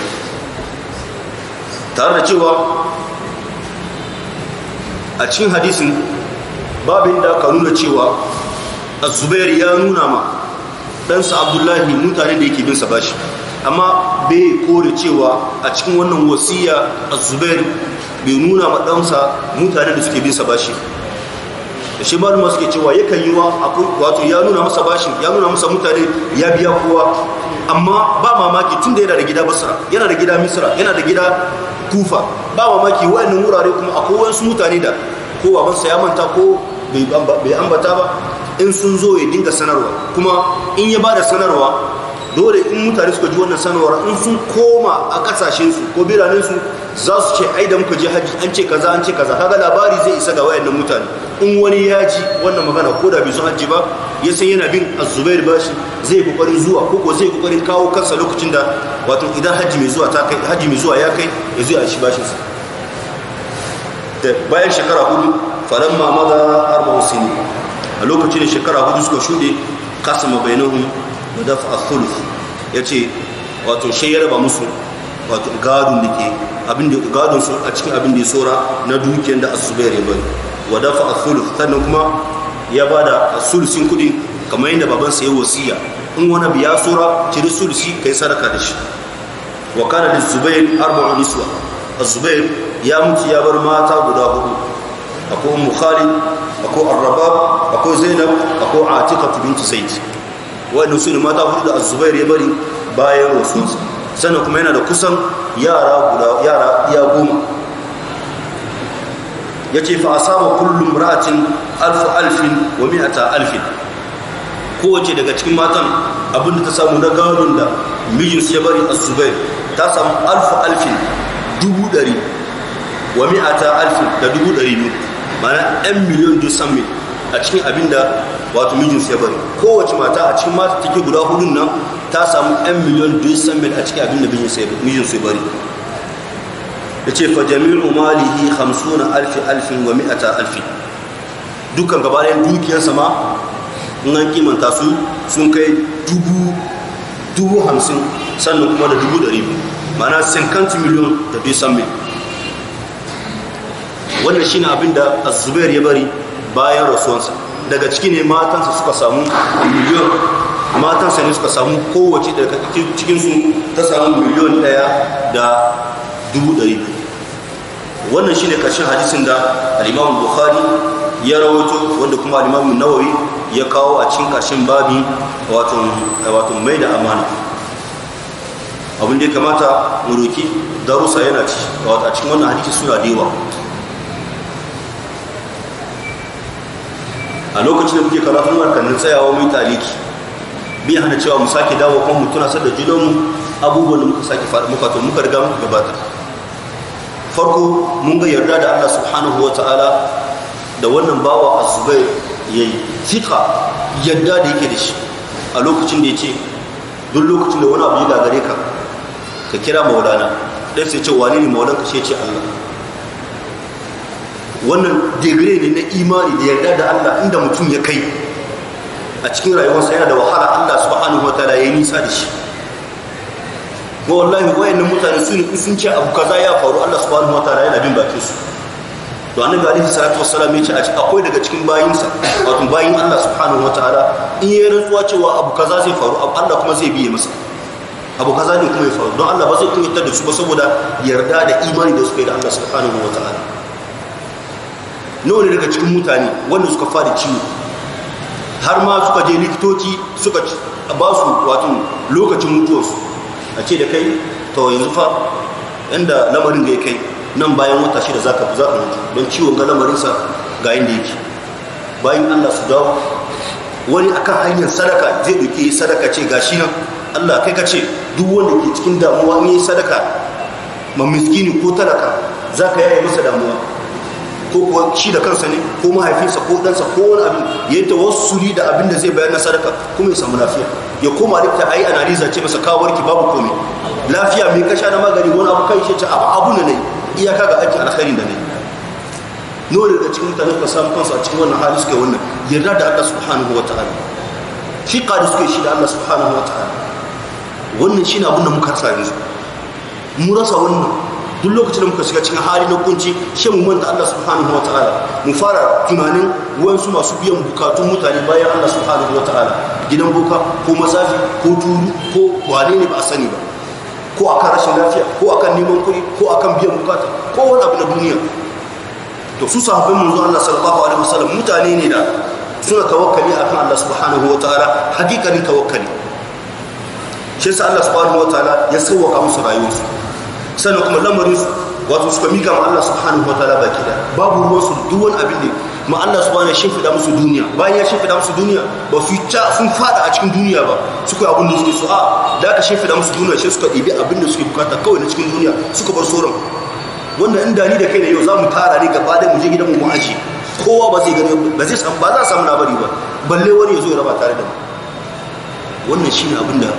tare da cewa a cikin hadisin babin da ka nuna cewa azubair ya nuna ma ɗansa abdullahi mutane da yake binsa bashi amma bai kore cewa a cikin wannan wasiya azubair bai nuna ma ɗansa mutane da suke binsa bashi da shi malama suke cewa ya kan yi wa wato ya nuna masa bashi ya nuna masa mutane ya biya kowa amma ba mamaki tun da yana da gida basra yana da gida misra yana da gida kufa ba mamaki wa'annan wurare kuma akwai wasu mutane da ko babansa ya manta ko bai ambata ba in sun zo ya dinga sanarwa kuma in ya ba da sanarwa dole in mutane suka ji wannan sanowar in sun koma a kasashensu ko biranensu za su ce ai da muka je haji an ce kaza an ce kaza kaga labari zai isa ga wayannan mutane in wani ya ji wannan magana ko da bai sun haji ba ya san yana bin azubair bashi zai kokari zuwa ko ko zai kokarin kawo kansa lokacin da wato idan haji mai zuwa ta kai haji mai zuwa ya kai ya zuwa shi bashin sa da bayan shekara hudu falamma maza arba'u sini a lokacin shekara hudu suka shude kasama bainahum da a asulus ya ce wato shi ya musu wato gadon da ke abinda gadon su a cikin abin da ya tsora na dukiyar da asusubayar ya bari wa dafa asulus sannan kuma ya ba da asulusin kudi kamar yadda babansa ya wasiya in wani biya tsora ciri sulusi ka sadaka da shi wa kana da zubair arba'u niswa azubair ya mutu ya bar mata guda hudu akwai ummu khalid akwai arrabab akwai zainab akwai atiqatu bint zaid waɗanda su ne mata hudu da azubair ya bari bayan wasu sannan kuma yana da kusan yara guda yara iya goma ya ce fa a samu kullum ra'atin alfu alfin wa mi'ata alfin kowace daga cikin matan abinda ta samu na gadon da mijinsu ya bari azubair ta samu alfu alfin dubu ɗari wa mi'ata alfin da dubu ɗari biyu mana 'yan miliyan dusan mil a cikin abin da wato mijinsu ya bari kowace mata a cikin mata take guda hudun nan ta samu 'yan miliyan 200 a cikin abin da mijinsu ya bari ya ce fa jami'u malihi na alfi alfin wa mi'ata alfi dukkan gaba ɗayan dukiyarsa ma nan kimanta su sun kai dubu dubu hamsin sannan kuma da dubu dari mana 50 miliyan da 200 wannan ne abin da azubair ya bari bayan rasuwansa daga ciki ne matansa suka samu miliyon matansa ne suka samu kowace daga cikinsu ta samu miliyon ɗaya da dubu ɗari wannan shi ne karshen hadisin da alimamun bukhari ya rawoto wanda kuma alimamun nawawi ya kawo a cikin karshen babi wato mai da amana abin da ya kamata mu darusa darussa yana ci a cikin wannan hadisi suna da yawa a lokacin da muke karatu muna kan tsayawa mai taliki bi hana cewa mu sake dawo kuma mutuna sar da junan mu abubuwan da muka sake faɗi muka to muka riga muka gabata farko mun ga yarda da Allah subhanahu wa ta'ala da wannan bawa azubai yayi fiqa yarda da yake da shi a lokacin da ce duk lokacin da wani abu ya gagare ka ka kira maulana dai sai ce wani ne maulanka sai ce Allah wannan degre ne na imani da yarda da Allah inda mutum ya kai a cikin rayuwarsa yana da wahala Allah subhanahu wa ta'ala yi nisa da shi ko wallahi wayannan mutane su ne sun ce abu kaza ya faru Allah subhanahu wa ta'ala yana bin bakin su to annabi alaihi salatu wassalam ya ce akwai daga cikin bayinsa wato bayin Allah subhanahu wa ta'ala in ya rantsuwa cewa abu kaza zai faru Allah kuma zai biye masa abu kaza ne kuma ya faru don Allah ba zai kunyata da su ba saboda yarda da imani da su kai da Allah subhanahu wa ta'ala nawa ne daga cikin mutane wanda suka fara ciwo har ma suka je likitoci suka ba su watan lokacin mutuwarsu a ce da kai to yanzu fa inda lamarin da ya kai nan bayan wata shida za ka fi zaɓa mutu don ciwon ga lamarinsa ga inda yake bayan allah su dawo wani akan hanyar sadaka zai yi sadaka ce gashi nan allah kai ka ce duk wanda ke cikin damuwa ne sadaka ma miskini ko talaka za ka yaya masa damuwa ko kuwa shi da kansa ne ko mahaifinsa ko ɗansa ko wani abin ya yi tawassuli da abin da zai bayar na sadaka kuma ya samu lafiya ya koma likita ayi analiza ce masa kawo warki babu komai lafiya mai kasha na magani wani abu kai ce abu abu ne iyaka ga aiki alkhairin da ne nore da cikin mutane suka samu kansu a cikin wannan hali suka yi wannan yarda da Allah subhanahu wa ta'ala shi ƙari suke shi da Allah subhanahu wa ta'ala wannan shi ne abin da muka rasa yanzu mu rasa wannan duk lokacin da muka shiga cikin hali na kunci shi mu manta Allah subhanahu ta'ala mu fara tunanin wasu masu biyan bukatun mutane bayan Allah subhanahu ta'ala gidan boka ko masaji ko turu ko wane ne ba a sani ba ko akan rashin lafiya ko akan neman kuɗi ko akan biyan bukata ko wani abu na duniya to su sahabban manzo Allah sallallahu alaihi wasallam mutane ne da suna tawakkali akan Allah subhanahu ta'ala hakikanin tawakkali shi yasa Allah subhanahu ta'ala ya sauwaka musu rayuwarsu sannan kuma lamarin su wato suka mika ma Allah subhanahu wataala baki da babu ruwan su duk wani abin da ma Allah subhanahu ya shimfida musu duniya bayan ya shimfida musu duniya ba su ta sun fada a cikin duniya ba suka yi abin da suke so a da aka shimfida musu duniya sai suka ɗibi abin da suke bukata kawai na cikin duniya suka bar sauran wanda in ni da kai ne yau za mu tara ne gaba da mu je gidan mu mu aje kowa ba zai gani ba zai samu ba za samu labari ba balle wani ya zo ya raba tare da mu wannan shine abin da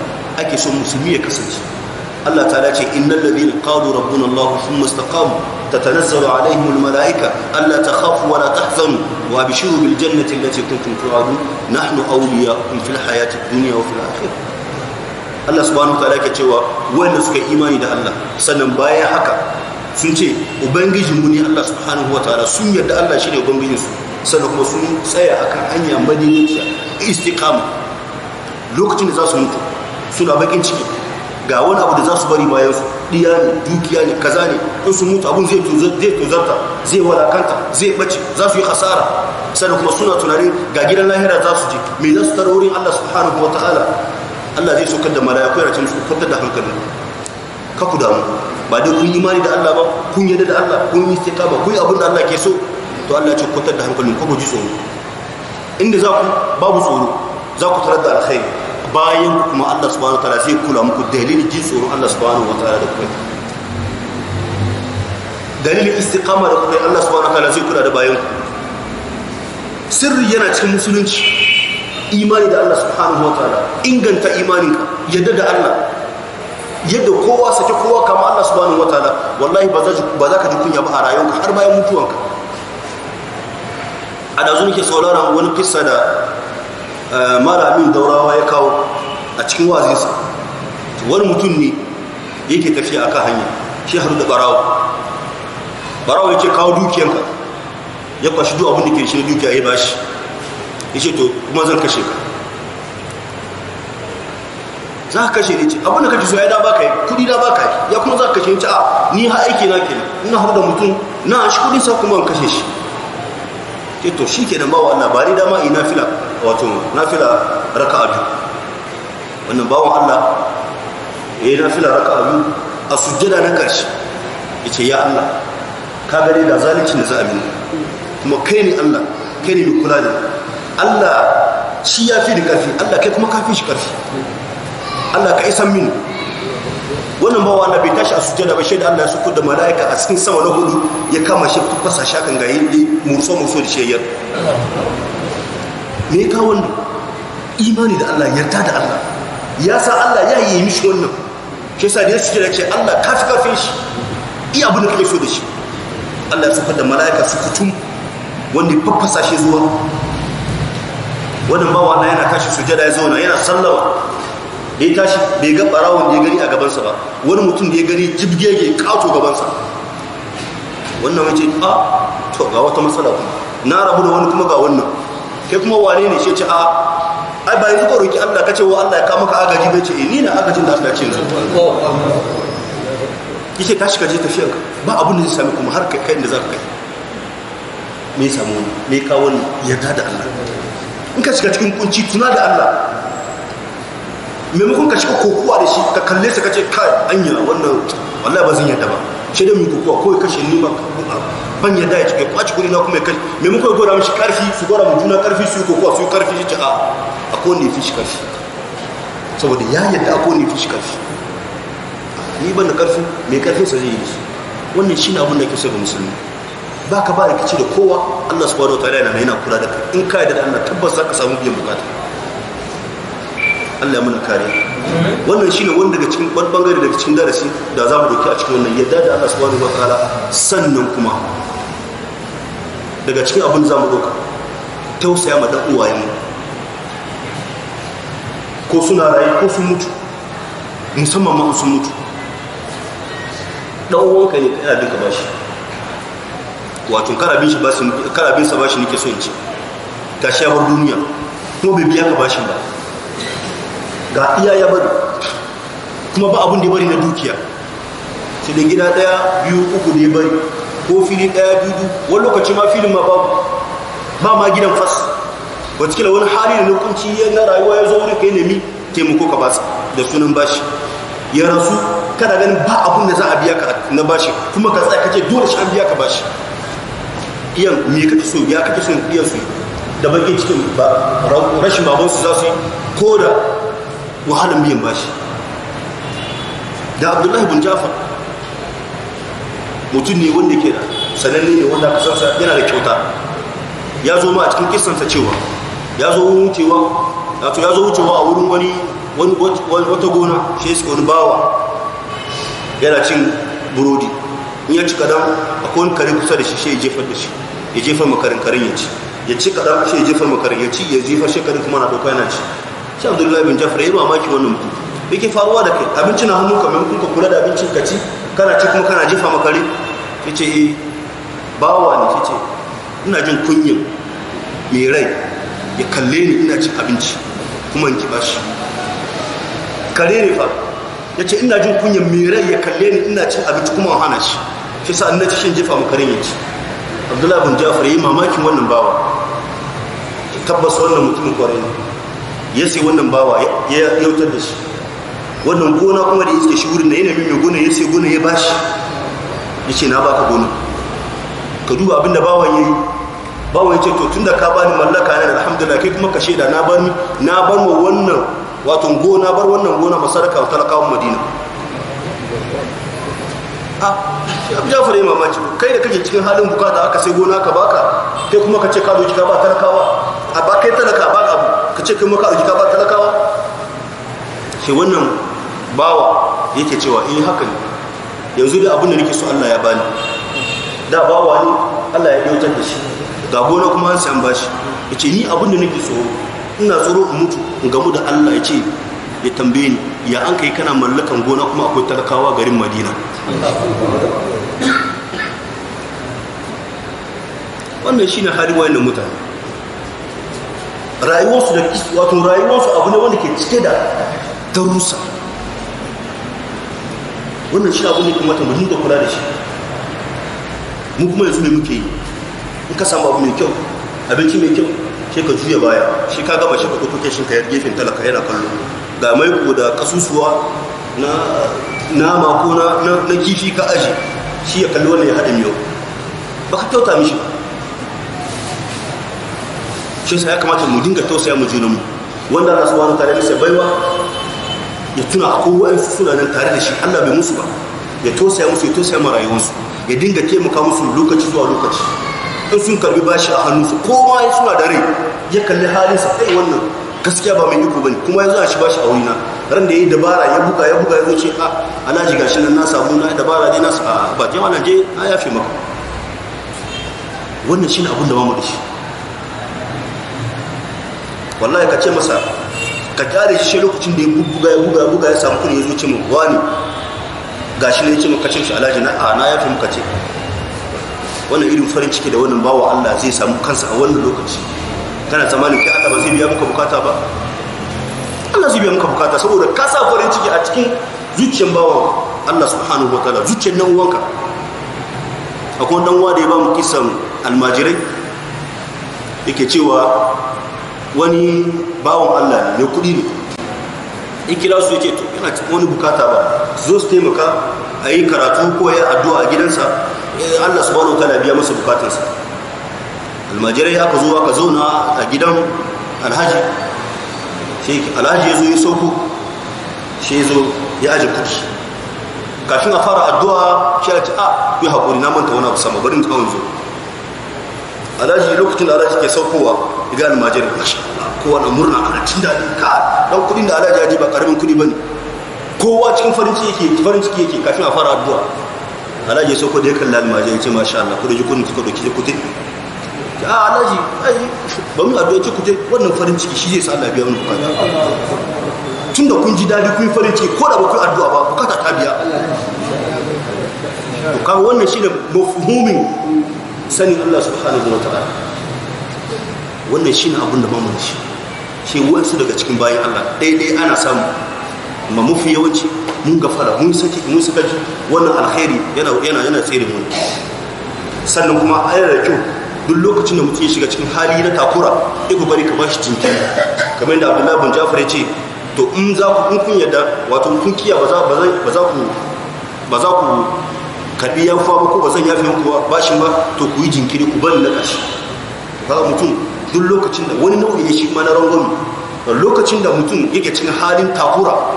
ake so musulmi ya kasance Allah ta dace innal ladina qalu rabbuna Allah thumma istaqamu tatanazzalu alaihim almalaika alla takhafu wa la tahzanu wa abshiru bil jannati allati kuntum tu'adun nahnu awliya'ukum fil hayati dunya wa fil akhirah Allah subhanahu wa ta'ala yake cewa wanda suka imani da Allah sannan bayan haka sun ce ubangijinmu ne Allah subhanahu wa ta'ala sun yarda Allah shi ne ubangijinsu sannan kuma sun tsaya akan hanya madinaciya istiqama lokacin da za su mutu suna bakin ciki ga wani abu da za su bari bayan su ɗiya ne dukiya ne kaza ne in su mutu abun zai tuzarta zai walakanta zai ɓace za su yi hasara sannan kuma suna tunani ga gidan lahira za su je mai za su tara wurin Allah subhanahu wa ta'ala Allah zai sokar da ya kwaya ce su kwatar da hankali ka ku damu ba dai kun yi imani da Allah ba kun yadda da Allah kun yi istiqama kun yi abin da Allah ke so to Allah ce kwatar da hankali ku ji tsoro inda za ku babu tsoro za ku tarar da alkhairi bayan kuma Allah subhanahu wataala zai kula muku dalilin jin tsoro Allah subhanahu wataala da kuka dalilin istiqama da kuka Allah subhanahu wataala zai kula da bayan sirri yana cikin musulunci imani da Allah subhanahu wataala inganta imanin ka yadda da Allah yadda kowa sake kowa kama Allah subhanahu wataala wallahi ba za ka ji kunya ba a rayuwarka har bayan mutuwanka a da zuwa nake sauraron wani kissa da Eh, malamin daurawa ya kawo a cikin wazinsa wani mutum ne yake tafiya akan hanya shi haru da barawo barawo yake kawo dukiyanka ya kwashi duk abin da ke shi dukiya ya bashi ya ce to kuma zan kashe ka za ka kashe ne ce abin da kake so ya da ka yi kudi da ka yi ya kuma za ka kashe ne ce a ni ha aiki na ke ina haru da mutum na shi kudin sa kuma kashe shi ke eh, to shi kenan bawa Allah bari dama yi nafila wato nafila raka abu wannan bawan Allah ya yi nafila raka abu a sujjada na ƙarshe ya ce ya Allah ka gare da zalici da za'a mini kuma kai ne Allah kai ne mai kula da Allah shi ya fi da ƙarfi Allah kai kuma ka fi shi ƙarfi Allah ka isan mini wannan bawa na bai tashi a sujada ba shaida Allah ya suku da mala'ika a cikin sama na hudu ya kama shi tufasa shakan ga yi murso murso da shayyar me ka wannan imani da Allah yarda da Allah ya sa Allah ya yi mishi wannan shi sa da ya da ce Allah ka fi karfin shi iya abin da kake so da shi Allah ya suku da mala'ika su kutum wanda ya faffasa shi zuwa wannan bawa na yana tashi sujada ya zauna yana sallama da ya tashi bai ga barawon da ya gani a gabansa ba wani mutum da ya gani jibgege kato gabansa wannan wace a ah, to ga wata matsala kuma na rabu da wani kuma ga wannan kai kuma wane ne shi ce a ah, ai ba yanzu ka roki Allah ka ce wa Allah ya kawo maka agaji bai ce eh ni na agajin da Allah ce yanzu yace tashi ka je tafiyar ba abun da zai sami kuma har kai kai da za kai me samu wani me ya kawo wani yarda da Allah in ka shiga cikin kunci tuna da Allah maimakon ka cika kokowa da shi ka kalle sa ka ce kai anya wannan wallahi ba zan yadda ba shi da mu kokowa ko ya kashe ni ba ban yadda ya cike kwaci kuri na kuma ya kashe maimakon ya gora mishi karfi su gora mu juna karfi su kokowa su karfi shi ce a akwai wanda ya fi shi karfi saboda ya yadda akwai wanda ya fi shi karfi ni ban da karfi mai karfin sa zai yi shi wannan shi ne abin da ke sai ga musulmi ba ka ba rikici da kowa allah subhanahu wa ta'ala yana kula da kai in ka yadda da allah tabbas za ka samu biyan bukata Allah mana kare wannan shine wanda daga cikin bangare daga cikin darasi da za mu doki a cikin wannan yadda da Allah subhanahu wataala sannan kuma daga cikin abin za mu doka tausaya ma dan uwaye ko suna rayu ko sun mutu musamman ma sun mutu dan uwanka ne kana duka bashi wato karabin shi ba shi karabin sa shi nake so in ce tashi ya bar duniya kuma bai biya ka bashi ba ga iya ya bari kuma ba abin da ya bari na dukiya sai da gida daya biyu uku da ya bari ko fili daya dudu wani lokaci ma filin ma babu ba ma gidan fas watakila wani hali da lokaci na rayuwa ya zo wani kai nemi taimako ka basu da sunan bashi ya rasu kada ganin ba abin da za a biya ka na bashi kuma ka tsaye kace dole shi an biya ka bashi iyan me kake so ya kake so iyan su da bakin cikin ba rashin babansu za su yi ko da wahalan biyan bashi da abdullahi bin jafar mutum ne wanda ke da sananne ne wanda ka sansa yana da kyauta ya zo ma a cikin kisansa cewa ya zo wucewa ya zo wucewa a wurin wani wata gona shi su wani bawa yana cin burodi in ya ci kadan akwai wani kare kusa da shi shi ya jefar da shi ya jefar makarin karin ya ci ya ci kadan shi ya jefar makarin ya ci ya jefar shi kuma na doka yana ci shi abdullahi bin jafra yi mamaki wannan mutum yake faruwa da kai abinci na hannu kamar kuka kula da abincin ka ci kana ci kuma kana jefa makare ya ce yi, eh, bawa ne ya ce ina jin kunya mai rai ya kalle ni ina cin abinci kuma in kiɓa shi kare ne fa ya ce ina jin kunya mai rai ya kalle ni ina cin abinci kuma hana shi shi sa na cikin jefa makare ya ci abdullahi bin jafra yi mamakin wannan bawa tabbas wannan mutumin kwarai ne ya sai wannan bawa ya yautar da shi wannan gona kuma da iske shi wurin da yana mai gona ya sai gona ya bashi ya ce na baka gona ka duba abin da bawan ya yi bawa ya ce to tun da ka bani mallaka na alhamdulillah kai kuma ka shaida na bar na bar wa wannan wato gona bar wannan gona masaraka wa talakawan madina a ah, jafar yi mamaci kai da kake cikin halin bukata aka sai gona ka baka kai kuma ka ce ka zo ka ba talakawa a ba kai talaka ba abu ka ce kai maka arziki ka ba talakawa shi wannan bawa yake cewa in eh, haka ne yanzu da abin da nake so Allah ya bani da bawa ne Allah ya ɗautar da shi ga gona kuma an san bashi ya ni abin da nake so ina tsoro in mutu in gamu da Allah ya ya tambaye ni ya an kai kana mallakan gona kuma akwai talakawa garin madina wannan shi ne hali wayan mutane rayuwarsu da wato rayuwarsu abu ne wanda ke cike da darussa wannan shi abu ne kuma ta muhimmi da kula da shi mu kuma yanzu ne muke yi in ka samu abu mai kyau abinci mai kyau shi ka juya baya shi ka gaba shi ka ɗauko kai shi ka yar gefen talaka yana kallo ga maiko da kasusuwa na nama ko na kifi ka aji shi ya kalli wannan ya haɗa miyau ba ka kyauta mishi ba shi yasa ya kamata mu dinga tausaya mu junan mu wanda Allah subhanahu wataala ya baiwa ya tuna ko su suna nan tare da shi Allah bai musu ba ya tausaya musu ya tausaya ma su ya dinga taimaka musu lokaci zuwa lokaci in sun karbi bashi a su ko ma suna da rai ya kalli halin sa sai wannan gaskiya ba mai iko bane kuma yanzu a shi bashi a na ran da yayi dabara ya buga ya buga ya zo ce a alaji gashi nan na samu na dabara dai na ba je wannan je a yafe maka wannan shine abin da ba mu da shi wallahi ka ce masa ka kyare shi shi lokacin da ya buga ya buga ya buga ya samu kuri ya zo ce mu wani shi ne ya ce maka cin shi alaji na a na ya fi muka ce wannan irin farin ciki da wannan bawa Allah zai samu kansa a wannan lokaci kana tsammanin kai Allah ba zai biya muka bukata ba Allah zai biya muka bukata saboda ka sa farin ciki a cikin zuciyar bawa Allah subhanahu wa ta'ala zuciyar nan uwanka akwai dan uwa da ya ba mu kisan almajirai yake cewa wani bawan Allah ne kuɗi ne in kira su yake to yana cikin wani bukata ba zo su taimaka a yi karatu ko ya addu'a a gidansa eh, Allah subhanahu wa ta'ala biya masa bukatunsa almajirai aka zo aka zauna a gidan alhaji shi alhaji ya zo ya sauko shi ya zo ya aje kuɗi kafin a fara addu'a shi ya ce a ah, yi haƙuri na manta wani abu sama barin tsawon zo alhaji lokacin da alhaji ke saukowa ya gane da bashi kowa na murna ana jin daɗi ka ɗan kuɗin da alhaji ya ji ba ƙaramin kuɗi ba ne kowa cikin farin ciki yake farin ciki yake kafin a fara addu'a alhaji ya sauko da ya kalli almajiya ya ce masha Allah kuɗi kuɗin suka ɗauki ya kuɗi a alhaji ai ba mu addu'a ce kuɗi wannan farin ciki shi zai sa Allah biya wani bukata tun da kun ji daɗi kun yi farin ciki ko da ba kun addu'a ba bukata ta biya to kawo wannan shi ne mafhumin Sani Allah subhanahu wa ta'ala wannan na abin da mamaci shi shi wasu daga cikin bayan Allah daidai ana samu amma mafi yawanci mun gafara mun saki mun saka wannan alkhairi yana yana yana tsere mun. sannan kuma ayar kyau duk lokacin da mutum ya shiga cikin hali na takura ya bari ka bashi jinkiri kamar yadda Abdullahi bin Jafar ya ce to in za ku kun yadda wato kun kiya ba za ku ba za ku karbi ya fa ko ba zan yafe muku ba bashin ba to ku yi jinkiri ku bari na ƙarshe ba mutum duk lokacin da wani nau'i ya shi ma na rangwami lokacin da mutum yake cikin halin takura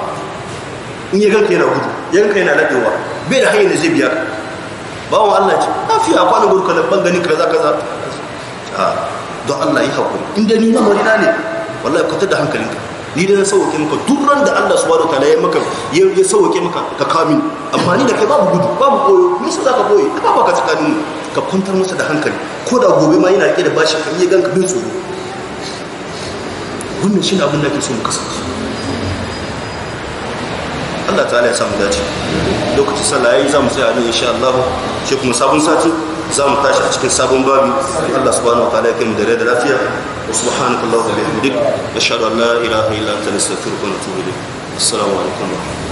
in ya ganka yana gudu ya ganka yana laɗewa bai da hanyar da zai biya ba wa Allah ce a kwanan gurka na bangani kaza kaza ah, don Allah yi haƙuri inda ni na marina ne wallahi kwatar da hankalinka ni da ya sauke maka duk ran da Allah subhanahu wataala ya maka ya sauke maka ka kamin amma ni da kai babu gudu babu koyo ni za zaka koyi ka ba ka tsakanin ka kwantar masa da hankali ko da gobe ma yana rike da bashi kan yi ganka bin tsoro wannan shine abin da ke so mu kasance Allah ta'ala ya samu dace lokacin sallah yayi za mu tsaya ne insha Allah sai kuma sabon sati za mu tashi a cikin sabon babi Allah subhanahu wa ta'ala ya kai mu da rai da lafiya wa subhanaka allahumma bihamdik nashhadu an la ilaha illa anta nastaghfiruka wa natubu ilayk assalamu alaikum wa rahmatullahi